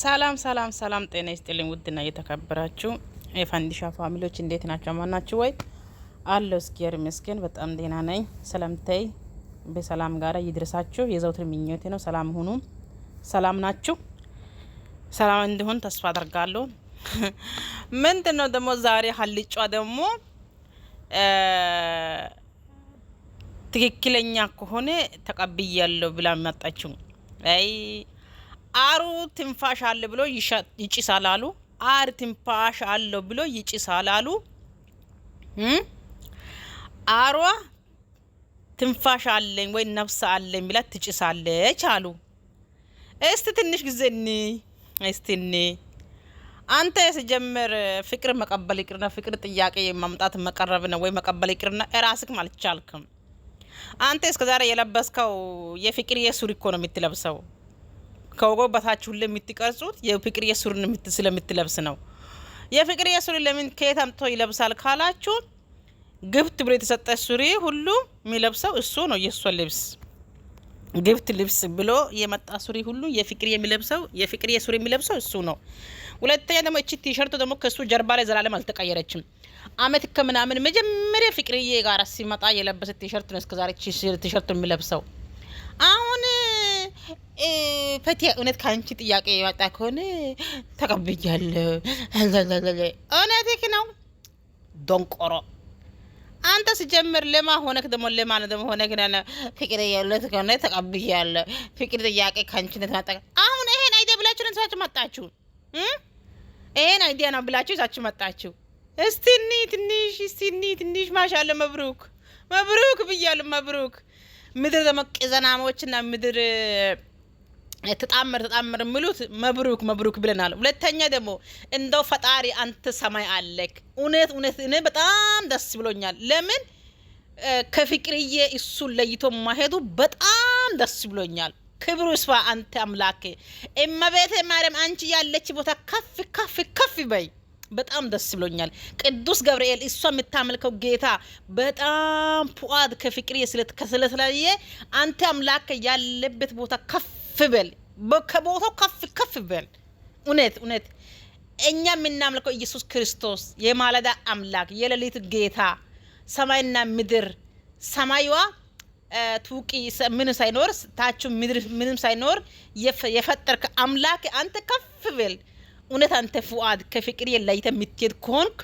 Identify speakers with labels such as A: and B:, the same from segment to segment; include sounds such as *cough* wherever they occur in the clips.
A: ሰላም ሰላም ሰላም፣ ጤና ይስጥልኝ ውድና እየተከበራችሁ የፋንዲሻ ፋሚሊዎች እንዴት ናቸው? ማናችሁ ወይ አለው። እስኪየር ምስኪን በጣም ጤና ነኝ። ሰላምታይ በሰላም ጋር ይድረሳችሁ የዘውትር ምኞቴ ነው። ሰላም ሁኑ። ሰላም ናችሁ? ሰላም እንዲሆን ተስፋ አደርጋለሁ። *laughs* ምንድን ነው ደግሞ ዛሬ ሀልጯ ደግሞ ትክክለኛ ከሆነ ተቀብያለሁ ብላ መጣችሁ። አይ አሩ ትንፋሽ አለ ብሎ ይጭሳል አሉ። አር ትንፋሽ አለው ብሎ ይጭሳል አሉ። አሯ ትንፋሽ አለኝ ወይ ነፍስ አለኝ ብላ ትጭሳለች አሉ። እስቲ ትንሽ ጊዜ እኒ እስቲ እኒ አንተ ስጀምር ፍቅር መቀበል ይቅርና ፍቅር ጥያቄ ማምጣት መቀረብ ነው ወይ መቀበል ይቅርና ራስክ አልቻልክም። አንተ እስከዛሬ የለበስከው የፍቅር የሱሪ እኮ ነው የምትለብሰው ከወገበታችሁ ለምትቀርጹት የፍቅር የሱርን ስለምትለብስ ነው። የፍቅር የሱሪ ለምን ከየት አምጥቶ ይለብሳል ካላችሁ ግብት ብሎ የተሰጠ ሱሪ ሁሉ የሚለብሰው እሱ ነው። የእሷ ልብስ ግብት ልብስ ብሎ የመጣ ሱሪ ሁሉ የፍቅር የሚለብሰው የፍቅር የሱሪ የሚለብሰው እሱ ነው። ሁለተኛ ደግሞ እቺ ቲሸርቱ ደግሞ ከእሱ ጀርባ ላይ ዘላለም አልተቀየረችም። አመት ከምናምን መጀመሪያ ፍቅርዬ ጋር ሲመጣ የለበሰ ቲሸርት ነው። እስከዛሬ ቲሸርቱ የሚለብሰው አሁን ፈቲ እውነት ከአንቺ ጥያቄ የመጣ ከሆነ ተቀብያለሁ። እውነትህ ነው ዶንቆሮ። አንተ ስጀምር ለማ ሆነክ ደግሞ ለማን ደግሞ ሆነክ ፍቅር የለት ከሆነ ተቀብያለሁ። ፍቅር ጥያቄ ከአንቺነት መጣ። አሁን ይሄን አይዲያ ብላችሁ ሰችሁ መጣችሁ። ይሄን አይዲያ ነው ብላችሁ ሰችሁ መጣችሁ። እስቲ እስቲኒ ትንሽ እስቲኒ ትንሽ ማሻለ መብሩክ መብሩክ ብያለሁ። መብሩክ ምድር ደግሞ ቅዘናሞችና ምድር ተጣመር ተጣመር ምሉት መብሩክ መብሩክ ብለናል። ሁለተኛ ደግሞ እንደው ፈጣሪ አንተ ሰማይ አለክ። እውነት እውነት እኔ በጣም ደስ ብሎኛል። ለምን ከፍቅርዬ እሱን ለይቶ ማሄዱ በጣም ደስ ብሎኛል። ክብሩ ስፋ አንተ አምላክ እመቤቴ ማርያም፣ አንቺ ያለች ቦታ ከፍ ከፍ ከፍ በይ። በጣም ደስ ብሎኛል። ቅዱስ ገብርኤል እሷ የምታመልከው ጌታ በጣም ፉአድ ከፍቅርዬ ስለተለየ አንተ አምላክ ያለበት ቦታ ከፍ ከፍ በል ከቦታው ከፍ ከፍ በል። እውነት እውነት እኛ የምናምልከው ኢየሱስ ክርስቶስ የማለዳ አምላክ የሌሊት ጌታ ሰማይና ምድር ሰማይዋ ቱቂ ምን ሳይኖር ታችሁ ምድር ምንም ሳይኖር የፈጠርከ አምላክ አንተ ከፍ በል። እውነት አንተ ፉአድ ከፍቅር የለይተ የምትሄድ ከሆንክ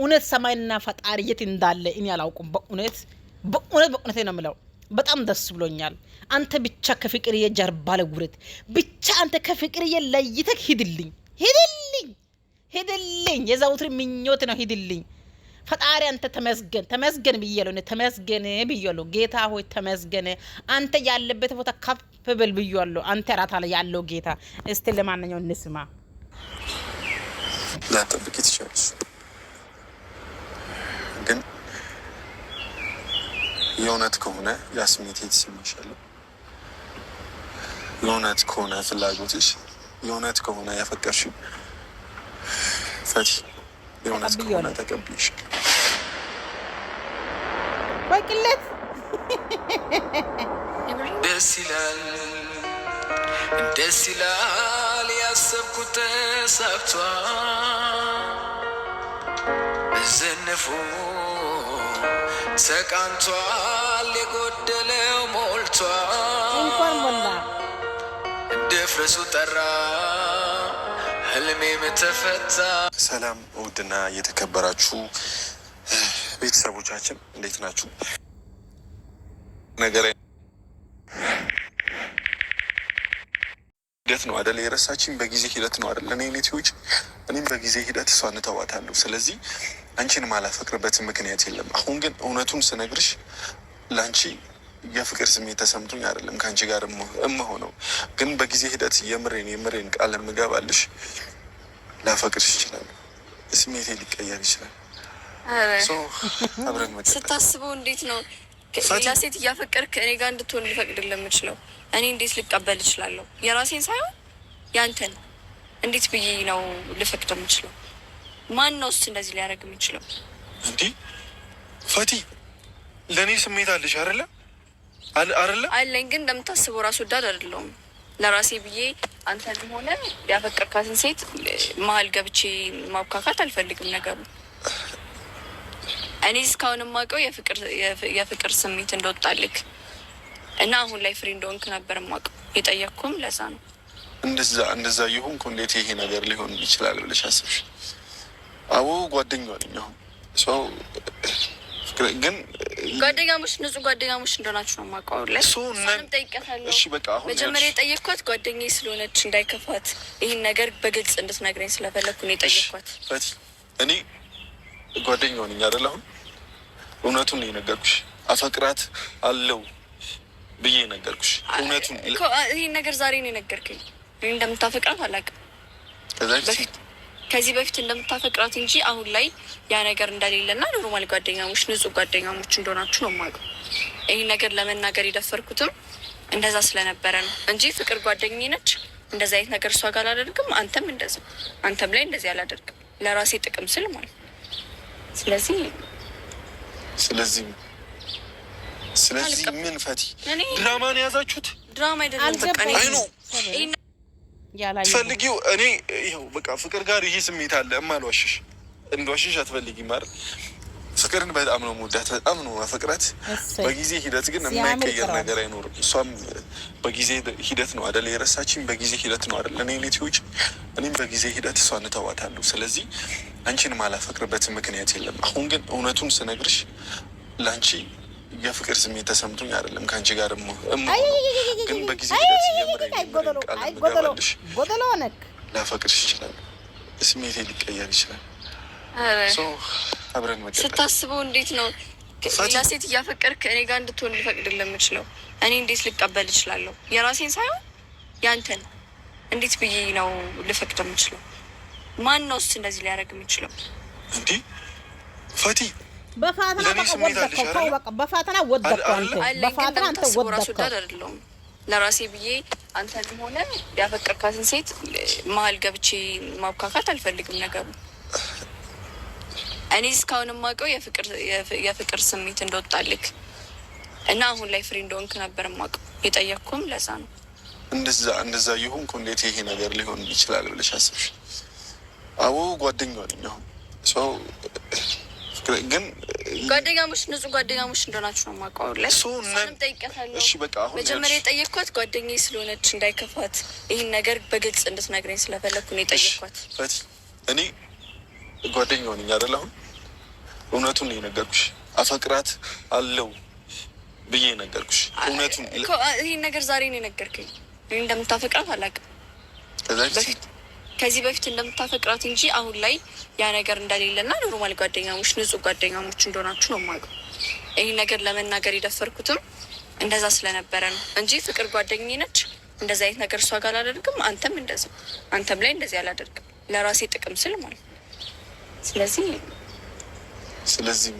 A: እውነት ሰማይና ፈጣሪ የት እንዳለ እኔ አላውቁም። በእውነት በእውነት በእውነት ነው የምለው። በጣም ደስ ብሎኛል። አንተ ብቻ ከፍቅርዬ ጀርባ ለጉረት ብቻ አንተ ከፍቅርዬ ለይተህ ሂድልኝ፣ ሂድልኝ፣ ሂድልኝ። የዘውትር ምኞት ነው ሂድልኝ። ፈጣሪ አንተ ተመስገን ተመስገን ብያለሁ፣ ተመስገን ብያለሁ። ጌታ ሆይ ተመስገን፣ አንተ ያለበት ቦታ ከፍ ብል ብያለሁ። አንተ ራታ ላይ ያለው ጌታ። እስቲ ለማንኛው እንስማ። ላጠብቅ ትችላለች፣ ግን የእውነት ከሆነ ያስሜት የተሰማሻለሁ የእውነት ከሆነ ፍላጎትሽ የእውነት ከሆነ ያፈቀርሽ ፈቲ የእውነት ከሆነ ተቀብሽ በቅለት
B: ደስ ይላል ደስ ይላል ያሰብኩት ተሳክቷል ዘንፎ ተቃንቷል የጎደለው ሞልቷል እንኳን ሞላ መፍረሱ ጠራ ህልሜም ተፈታ። ሰላም ውድና እየተከበራችሁ ቤተሰቦቻችን እንዴት ናችሁ? ነገር ሂደት ነው አደለ? የረሳችን በጊዜ ሂደት ነው አደለ? እኔ ኔቲዎች እኔም በጊዜ ሂደት እሷ እንተዋታለሁ። ስለዚህ አንቺን ማላፈቅርበትን ምክንያት የለም። አሁን ግን እውነቱን ስነግርሽ ለአንቺ የፍቅር ስሜት ተሰምቶኝ አይደለም ከአንቺ ጋር እምሆነው፣ ግን በጊዜ ሂደት የምሬን የምሬን ቃል የምገባልሽ ላፈቅርሽ ይችላል። ስሜቴ ሊቀየር ይችላል።
C: ስታስበው እንዴት ነው ሌላ ሴት እያፈቀር ከእኔ ጋር እንድትሆን ልፈቅድልህ የምችለው? እኔ እንዴት ልቀበል እችላለሁ? የራሴን ሳይሆን ያንተን እንዴት ብዬ ነው ልፈቅድ የምችለው? ማን ነው ውስጥ እንደዚህ ሊያደርግ የምችለው?
B: እንዲህ ፈቲ ለእኔ ስሜት አለሽ አይደለም አይደለም
C: አለኝ፣ ግን እንደምታስበው ራስ ወዳድ አይደለሁም። ለራሴ ብዬ አንተን ሆነ ያፈቀርካትን ሴት መሀል ገብቼ ማብካካት አልፈልግም። ነገሩ እኔ እስካሁን የማውቀው የፍቅር ስሜት እንደወጣልክ እና አሁን ላይ ፍሬ እንደሆንክ ነበር የማውቀው። የጠየቅኩም ለዛ ነው።
B: እንደዛ እንደዛ የሆንኩ እንዴት ይሄ ነገር ሊሆን ይችላል ብለሽ አስብሽ? አዎ ጓደኛ ነኝ አሁን ሰው ግን
C: ጓደኛሞች ንጹህ ጓደኛሞች እንደሆናችሁ ነው የማውቀው። ለእሱም ጠይቀታለሁ። መጀመሪያ የጠየቅኳት ጓደኛዬ ስለሆነች እንዳይከፋት ይህን ነገር በግልጽ እንድትነግረኝ ስለፈለግኩ ነው የጠየቅኳት።
B: እኔ ጓደኛ ሆንኝ አደለ? አሁን እውነቱን ነው የነገርኩሽ። አፈቅራት አለው ብዬ የነገርኩሽ እውነቱን
C: ይህን ነገር ዛሬ ነው የነገርክኝ። እንደምታፈቅራት አላውቅም። ከዚህ በፊት እንደምታፈቅራት እንጂ አሁን ላይ ያ ነገር እንደሌለና ኖርማል ጓደኛሞች፣ ንጹህ ጓደኛሞች እንደሆናችሁ ነው የማውቀው። ይህ ነገር ለመናገር የደፈርኩትም እንደዛ ስለነበረ ነው እንጂ ፍቅር ጓደኝ ነች። እንደዚ አይነት ነገር እሷ ጋር አላደርግም፣ አንተም እንደዚ አንተም ላይ እንደዚህ አላደርግም። ለራሴ ጥቅም ስል ማለት ስለዚህ
B: ስለዚህ ስለዚህ ምን ፈቲ ድራማ ነው የያዛችሁት ድራማ አይደለም። ትፈልጊው እኔ ይኸው በቃ ፍቅር ጋር ይሄ ስሜት አለ። እማልዋሽሽ እንደዋሽሽ አትፈልጊ ማር ፍቅርን በጣም ነው መውዳት፣ በጣም ነው መፈቅራት። በጊዜ ሂደት ግን የማይቀየር ነገር አይኖርም። እሷም በጊዜ ሂደት ነው አደለ የረሳችን፣ በጊዜ ሂደት ነው አደለ እኔ ሌትዮች፣ እኔም በጊዜ ሂደት እሷን እተዋታለሁ። ስለዚህ አንቺን ማላፈቅርበት ምክንያት የለም። አሁን ግን እውነቱን ስነግርሽ ለአንቺ የፍቅር ስሜት ተሰምቶኝ አይደለም ከአንቺ ጋር ግን በጊዜ ላፈቅርሽ ይችላል። ስሜቴ ሊቀየር ይችላል። አብረን
C: ስታስበው እንዴት ነው ሌላ ሴት እያፈቀርክ እኔ ጋር እንድትሆን ሊፈቅድ ለምችለው እኔ እንዴት ልቀበል እችላለሁ? የራሴን ሳይሆን ያንተን እንዴት ብዬ ነው ልፈቅድ የምችለው? ማን ነው ውስጥ እንደዚህ ሊያደርግ የምችለው?
B: እንዲህ ፈቲ
C: በፋተና ወደቀው በቃ በፋተና ወደቀው አንተ በፋተና አንተ ወደቀው። ለራሴ ብዬ አንተ ሆነ ያፈቀርካትን ሴት መሀል ገብቼ ማብካካት አልፈልግም። ነገሩ እኔ እስካሁን የማውቀው የፍቅር ስሜት እንደወጣልክ እና አሁን ላይ ፍሬ እንደሆንክ ነበር የማውቀው። የጠየቅኩም ለዛ ነው።
B: እንደዛ እንደዛ የሆንኩ እንዴት ይሄ ነገር ሊሆን ይችላል ብለሽ አስብሽ? አዎ ጓደኛዋ ነኝ አሁን ሰው ግን
C: ጓደኛሞች ንጹህ ጓደኛሞች እንደሆናችሁ ነው የማውቀው። ለእሱም ጠይቀታለሁ። መጀመሪያ የጠየቅኳት ጓደኛ ስለሆነች እንዳይከፋት ይህን ነገር በግልጽ እንድትነግረኝ ስለፈለግኩ ነው የጠየቅኳት።
B: እኔ ጓደኛ ሆንኝ አይደል? አሁን እውነቱን የነገርኩሽ አፈቅራት አለው ብዬ ነገርኩሽ። እውነቱን
C: ይህን ነገር ዛሬ ነው የነገርከኝ። እኔ እንደምታፈቅራት አላውቅም። ከዚህ በፊት እንደምታፈቅራት እንጂ አሁን ላይ ያ ነገር እንደሌለና ኖርማል ጓደኛሞች፣ ንጹህ ጓደኛሞች እንደሆናችሁ ነው የማውቀው። ይህ ነገር ለመናገር የደፈርኩትም እንደዛ ስለነበረ ነው እንጂ ፍቅር ጓደኝ ነች። እንደዚ አይነት ነገር እሷ ጋር አላደርግም፣ አንተም እንደዚ አንተም ላይ እንደዚህ አላደርግም። ለራሴ ጥቅም ስል ማለት ነው። ስለዚህ
B: ስለዚህ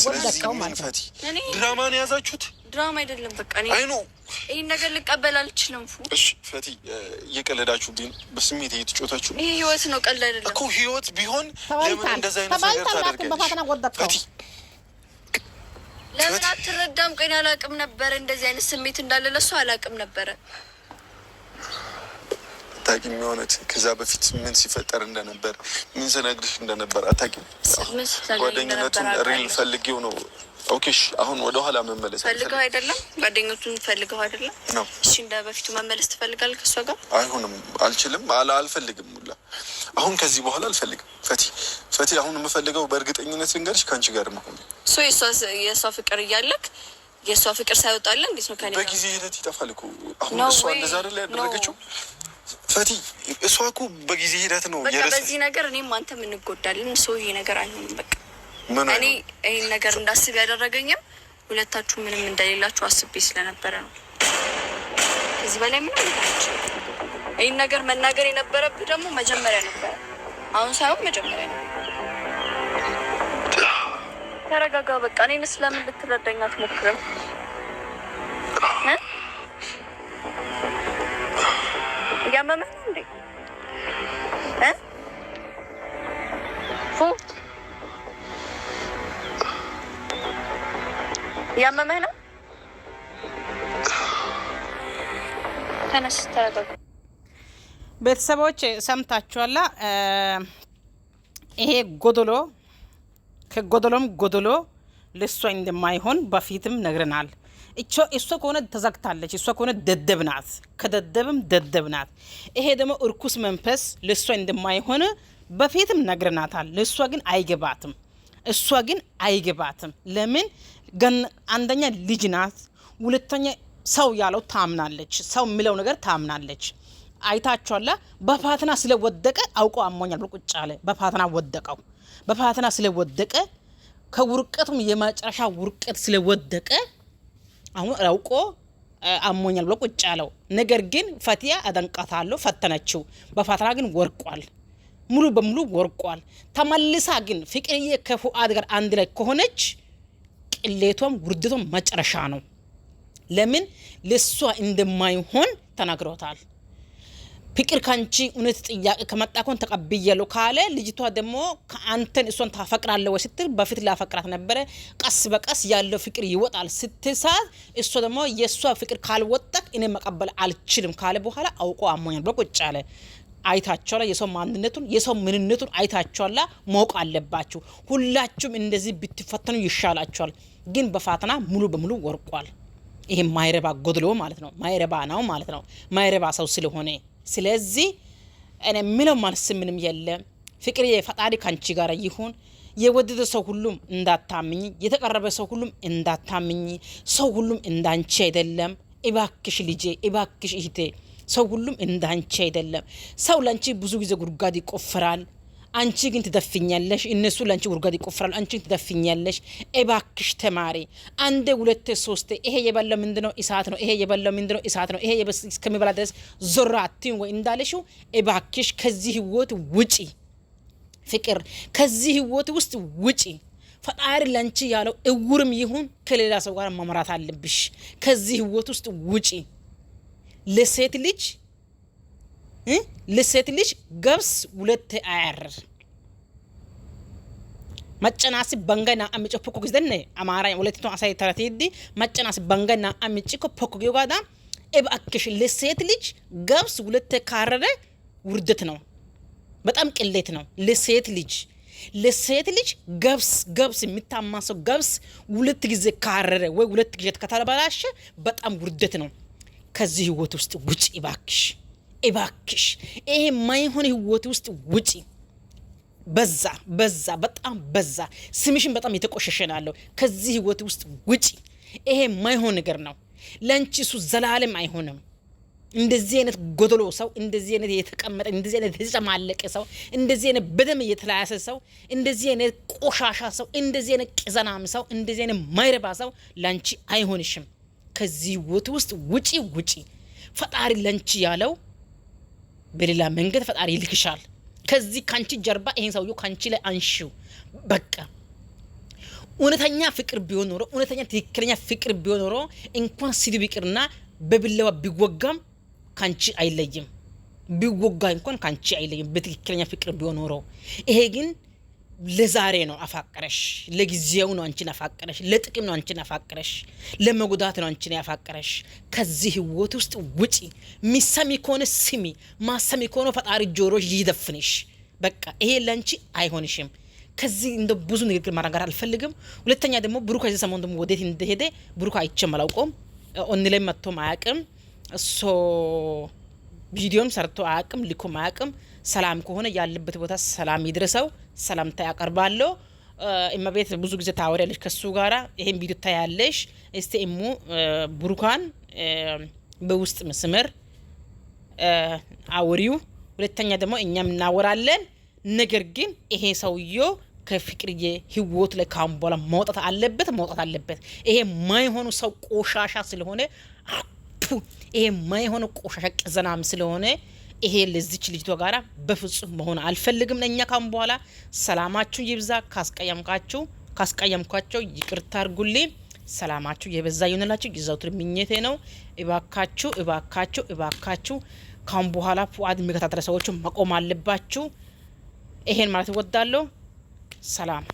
B: ስለዚህ ድራማን የያዛችሁት
C: ድራማ አይደለም። በቃ እኔ
B: አይኖ ይህን
C: ነገር ልቀበል አልችልም። ፉ
B: እሺ፣ ፈቲ እየቀለዳችሁ ግን በስሜት እየተጫወታችሁ
C: ይህ ህይወት ነው፣ ቀልድ አይደለም
B: እኮ። ህይወት ቢሆን ለምን እንደዛ አይነት ነገር ታደርጋለች?
C: ፈቲ ለምን አትረዳም? ቆይ እኔ አላውቅም ነበረ እንደዚህ አይነት ስሜት እንዳለ ለሱ አላውቅም ነበረ።
B: አታውቂም የሆነት ከዛ በፊት ምን ሲፈጠር እንደነበር ምን ስነግርሽ እንደነበር አታውቂም። ጓደኝነቱን ሪል ፈልጌው ነው ኦኬሽ አሁን ወደ ኋላ መመለስ
C: ፈልገው አይደለም፣ ጓደኞቹን ፈልገው አይደለም ነው። እሺ፣ እንደ በፊቱ መመለስ ትፈልጋል ከእሷ ጋር?
B: አይሆንም፣ አልችልም፣ አልፈልግም። ሁላ አሁን ከዚህ በኋላ አልፈልግም። ፈቲ ፈቲ፣ አሁን የምፈልገው በእርግጠኝነት ልንገርሽ፣ ከአንቺ ጋር መሆን
C: ሶ የእሷ ፍቅር እያለክ የእሷ ፍቅር ሳይወጣለ እንዴት ነው? ከኔ
B: በጊዜ ሂደት ይጠፋል እኮ አሁን እሷ እንደዛ አይደለ ያደረገችው ፈቲ እሷ እኮ በጊዜ ሂደት ነው።
C: በዚህ ነገር እኔም አንተም እንጎዳለን። ሰው ይሄ ነገር አይሆንም በቃ እኔ ይህን ነገር እንዳስብ ያደረገኝም ሁለታችሁ ምንም እንደሌላችሁ አስቤ ስለነበረ ነው። ከዚህ በላይ ምንም ይህን ነገር መናገር የነበረብህ ደግሞ መጀመሪያ ነበረ፣ አሁን ሳይሆን መጀመሪያ ነበር። ተረጋጋ በቃ። እኔን ስለምን ልትረዳኝ አትሞክርም? እያመመህ እንዴ? እያመመህ ነው። ተነስ ተረጋጋ።
A: ቤተሰቦች ሰምታችኋላ። ይሄ ጎዶሎ ከጎዶሎም ጎዶሎ ልሷ እንደማይሆን በፊትም ነግረናል። እሷ ከሆነ ተዘግታለች። እሷ ከሆነ ደደብ ናት፣ ከደደብም ደደብ ናት። ይሄ ደግሞ እርኩስ መንፈስ ልሷ እንደማይሆን በፊትም ነግረናታል። ልሷ ግን አይገባትም። እሷ ግን አይገባትም። ለምን ግን አንደኛ ልጅ ናት፣ ሁለተኛ ሰው ያለው ታምናለች። ሰው የሚለው ነገር ታምናለች። አይታችኋላ። በፋትና ስለወደቀ አውቆ አሞኛል ብሎ ቁጭ አለ። በፋትና ወደቀው። በፋትና ስለወደቀ ከውርቀቱም የመጨረሻ ውርቀት ስለወደቀ አሁን አውቆ አሞኛል ብሎ ቁጭ አለው። ነገር ግን ፈቲያ አደንቃታለሁ፣ ፈተነችው። በፋትና ግን ወርቋል፣ ሙሉ በሙሉ ወርቋል። ተመልሳ ግን ፍቅርዬ ከፉአድ ጋር አንድ ላይ ከሆነች ቅሌቷም ውርደቷም መጨረሻ ነው። ለምን ለሷ እንደማይሆን ተናግሮታል። ፍቅር ካንቺ እውነት ጥያቄ ከመጣ ኮን ተቀብያለሁ ካለ ልጅቷ ደግሞ ከአንተን እሷን ታፈቅራለህ ወይ ስትል በፊት ላፈቅራት ነበረ፣ ቀስ በቀስ ያለው ፍቅር ይወጣል ስትሳት፣ እሷ ደግሞ የእሷ ፍቅር ካልወጣ እኔ መቀበል አልችልም ካለ በኋላ አውቆ አሞኛል ብሎ ቁጭ አለ። አይታችኋላ። የሰው ማንነቱን የሰው ምንነቱን አይታችኋላ። ማወቅ አለባችሁ። ሁላችሁም እንደዚህ ብትፈተኑ ይሻላችኋል። ግን በፋተና ሙሉ በሙሉ ወርቋል። ይሄ ማይረባ ጎድሎ ማለት ነው። ማይረባ ነው ማለት ነው። ማይረባ ሰው ስለሆነ ስለዚህ እኔ ምለው ማለት ምንም የለ። ፍቅር የፈጣሪ ካንቺ ጋር ይሁን። የወደደ ሰው ሁሉም እንዳታምኝ፣ የተቀረበ ሰው ሁሉም እንዳታምኝ። ሰው ሁሉም እንዳንቺ አይደለም። እባክሽ ልጄ፣ እባክሽ እህቴ ሰው ሁሉም እንደ አንቺ አይደለም። ሰው ለአንቺ ብዙ ጊዜ ጉድጓድ ይቆፍራል፣ አንቺ ግን ትደፍኛለሽ። እነሱ ለአንቺ ጉድጓድ ይቆፍራል፣ አንቺ ትደፍኛለሽ። እባክሽ ተማሪ። አንዴ፣ ሁለቴ፣ ሶስቴ ይሄ የበላው ምንድነው? እሳት ነው። ይሄ የበላው ምንድነው? እሳት ነው። ይሄ እስከሚበላ ድረስ ዞር አትይም ወይ እንዳለሽው፣ እባክሽ ከዚህ ህይወት ውጪ ፍቅር፣ ከዚህ ህይወት ውስጥ ውጪ። ፈጣሪ ለአንቺ ያለው እውርም ይሁን ከሌላ ሰው ጋር መምራት አለብሽ። ከዚህ ህይወት ውስጥ ውጪ። ለሴት ልጅ ለሴት ልጅ ገብስ ሁለት አያር መጨናስ በንገና አምጭ ፖኮ ግዘነ አማራ ሁለቱ አሳይ ተረቴዲ መጨናስ በንገና አምጭ ኮ ፖኮ ጊዮጋዳ እባክሽ ለሴት ልጅ ገብስ ሁለት ካረረ ውርደት ነው። በጣም ቅሌት ነው። ለሴት ልጅ ለሴት ልጅ ገብስ ገብስ የሚታማሰው ገብስ ሁለት ጊዜ ካረረ ወይ ሁለት ጊዜ ከተበላሸ በጣም ውርደት ነው። ከዚህ ህይወት ውስጥ ውጪ እባክሽ፣ እባክሽ ይሄ ማይሆን ህይወት ውስጥ ውጪ። በዛ በዛ፣ በጣም በዛ። ስምሽን በጣም የተቆሸሸናለሁ። ከዚህ ህይወት ውስጥ ውጪ። ይሄ ማይሆን ነገር ነው ለአንቺ። እሱ ዘላለም አይሆንም። እንደዚህ አይነት ጎደሎ ሰው፣ እንደዚህ አይነት የተቀመጠ፣ እንደዚህ አይነት የተጨማለቀ ሰው፣ እንደዚህ አይነት በደም የተለያሰ ሰው፣ እንደዚህ አይነት ቆሻሻ ሰው፣ እንደዚህ አይነት ቅዘናም ሰው፣ እንደዚህ አይነት ማይረባ ሰው ለአንቺ አይሆንሽም። ከዚህ ህይወት ውስጥ ውጪ ውጪ። ፈጣሪ ለንቺ ያለው በሌላ መንገድ ፈጣሪ ይልክሻል። ከዚህ ካንቺ ጀርባ ይሄን ሰውዬ ካንቺ ላይ አንሺው። በቃ እውነተኛ ፍቅር ቢሆን ኖሮ እውነተኛ ትክክለኛ ፍቅር ቢሆን ኖሮ እንኳን ሲድ ቢቅርና በብለዋ ቢወጋም ካንቺ አይለይም። ቢወጋ እንኳን ካንቺ አይለይም። በትክክለኛ ፍቅር ቢሆን ኖሮ ይሄ ግን ለዛሬ ነው አፋቀረሽ፣ ለጊዜው ነው አንቺን አፋቀረሽ፣ ለጥቅም ነው አንቺን አፋቀረሽ፣ ለመጉዳት ነው አንቺን ያፋቀረሽ። ከዚህ ህይወት ውስጥ ውጪ። ሚሰሚ ከሆነ ስሚ፣ ማሰሚ ከሆነ ፈጣሪ ጆሮች ይደፍንሽ። በቃ ይሄ ለአንቺ አይሆንሽም። ከዚህ እንደ ብዙ ንግግር ማናገር አልፈልግም። ሁለተኛ ደግሞ ብሩክ ከዚህ ሰሞን ደግሞ ወዴት እንደሄደ ብሩክ አይቼም አላውቀውም። ኦን ላይ መጥቶም አያውቅም። እሶ ቪዲዮም ሰርቶ አያውቅም፣ ልኮም አያውቅም። ሰላም ከሆነ ያለበት ቦታ ሰላም ይድረሰው። ሰላምታ ያቀርባለሁ። እመቤት ብዙ ጊዜ ታወሪያለሽ ከሱ ጋራ። ይሄን ቪዲዮ ታያለሽ። እስቲ እሙ ቡሩካን በውስጥ መስመር አውሪው። ሁለተኛ ደግሞ እኛም እናወራለን። ነገር ግን ይሄ ሰውዮ ከፍቅርዬ ህይወት ላይ ካሁን በኋላ መውጣት አለበት፣ መውጣት አለበት። ይሄ ማይሆኑ ሰው ቆሻሻ ስለሆነ ይሄ ማይሆኑ ቆሻሻ ቅዘናም ስለሆነ ይሄ ለዚች ልጅቷ ጋራ በፍጹም መሆን አልፈልግም። እኛ ካሁን በኋላ ሰላማችሁ ይብዛ። ካስቀየምካችሁ ካስቀየምኳቸው ይቅርታ አርጉልኝ። ሰላማችሁ የበዛ ይሆንላችሁ የዘወትር ምኞቴ ነው። እባካችሁ እባካችሁ እባካችሁ ካሁን በኋላ ፉአድ የሚከታተለ ሰዎቹ መቆም አለባችሁ። ይሄን ማለት እወዳለሁ። ሰላም